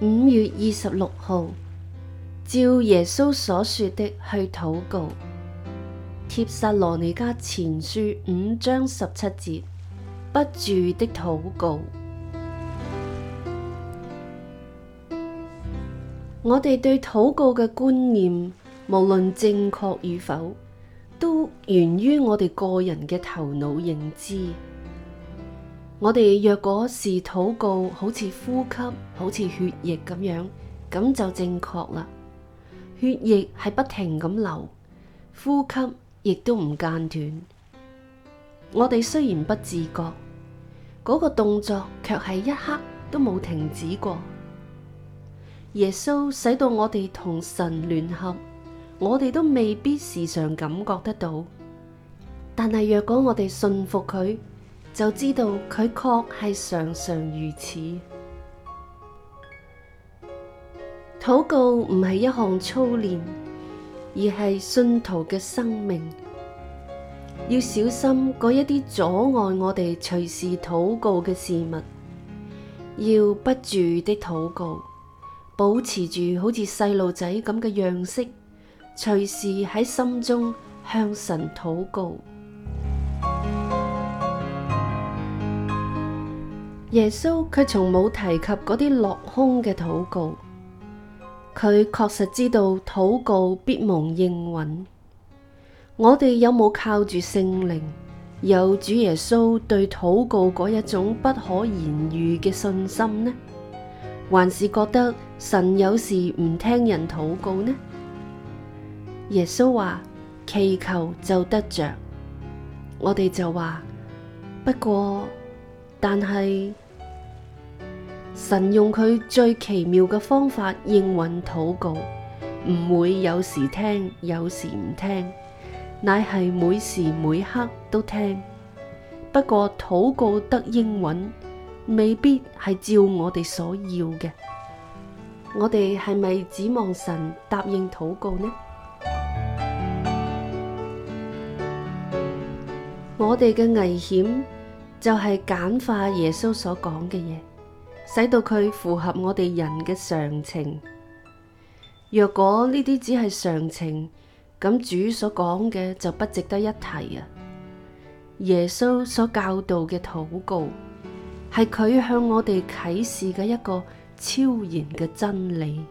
五月二十六號，照耶穌所說的去禱告。帖撒羅尼迦前書五章十七節，不住的禱告。 我哋對禱告嘅觀念，無論正確與否，都源於我哋個人嘅頭腦認知。我哋若果視禱告好似呼吸，好似血液咁樣，咁就正確啦。血液係不停咁流，呼吸亦都唔間斷。我哋雖然不自覺，嗰個動作卻係一刻都冇停止過。耶穌使到我哋同神聯合，我哋都未必時常感覺得到。但係若果我哋信服佢。就知道佢確係常常如此。禱告唔係一項操練，而係信徒嘅生命。要小心嗰一啲阻礙我哋隨時禱告嘅事物。要不住的禱告，保持住好似細路仔咁嘅樣式，隨時喺心中向神禱告。耶穌佢從冇提及嗰啲落空嘅禱告，佢確實知道禱告必蒙應允。我哋有冇靠住聖靈，有主耶穌對禱告嗰一種不可言喻嘅信心呢？還是覺得神有時唔聽人禱告呢？耶穌話祈求就得着，我哋就話不過，但係。神用佢最奇妙嘅方法應允禱告，唔會有時聽，有時唔聽，乃係每時每刻都聽。不過禱告得應允，未必係照我哋所要嘅。我哋係咪指望神答應禱告呢？我哋嘅危險就係簡化耶穌所講嘅嘢。使到佢符合我哋人嘅常情。若果呢啲只係常情，咁主所講嘅就不值得一提啊。耶穌所教導嘅禱告，係佢向我哋啟示嘅一個超然嘅真理。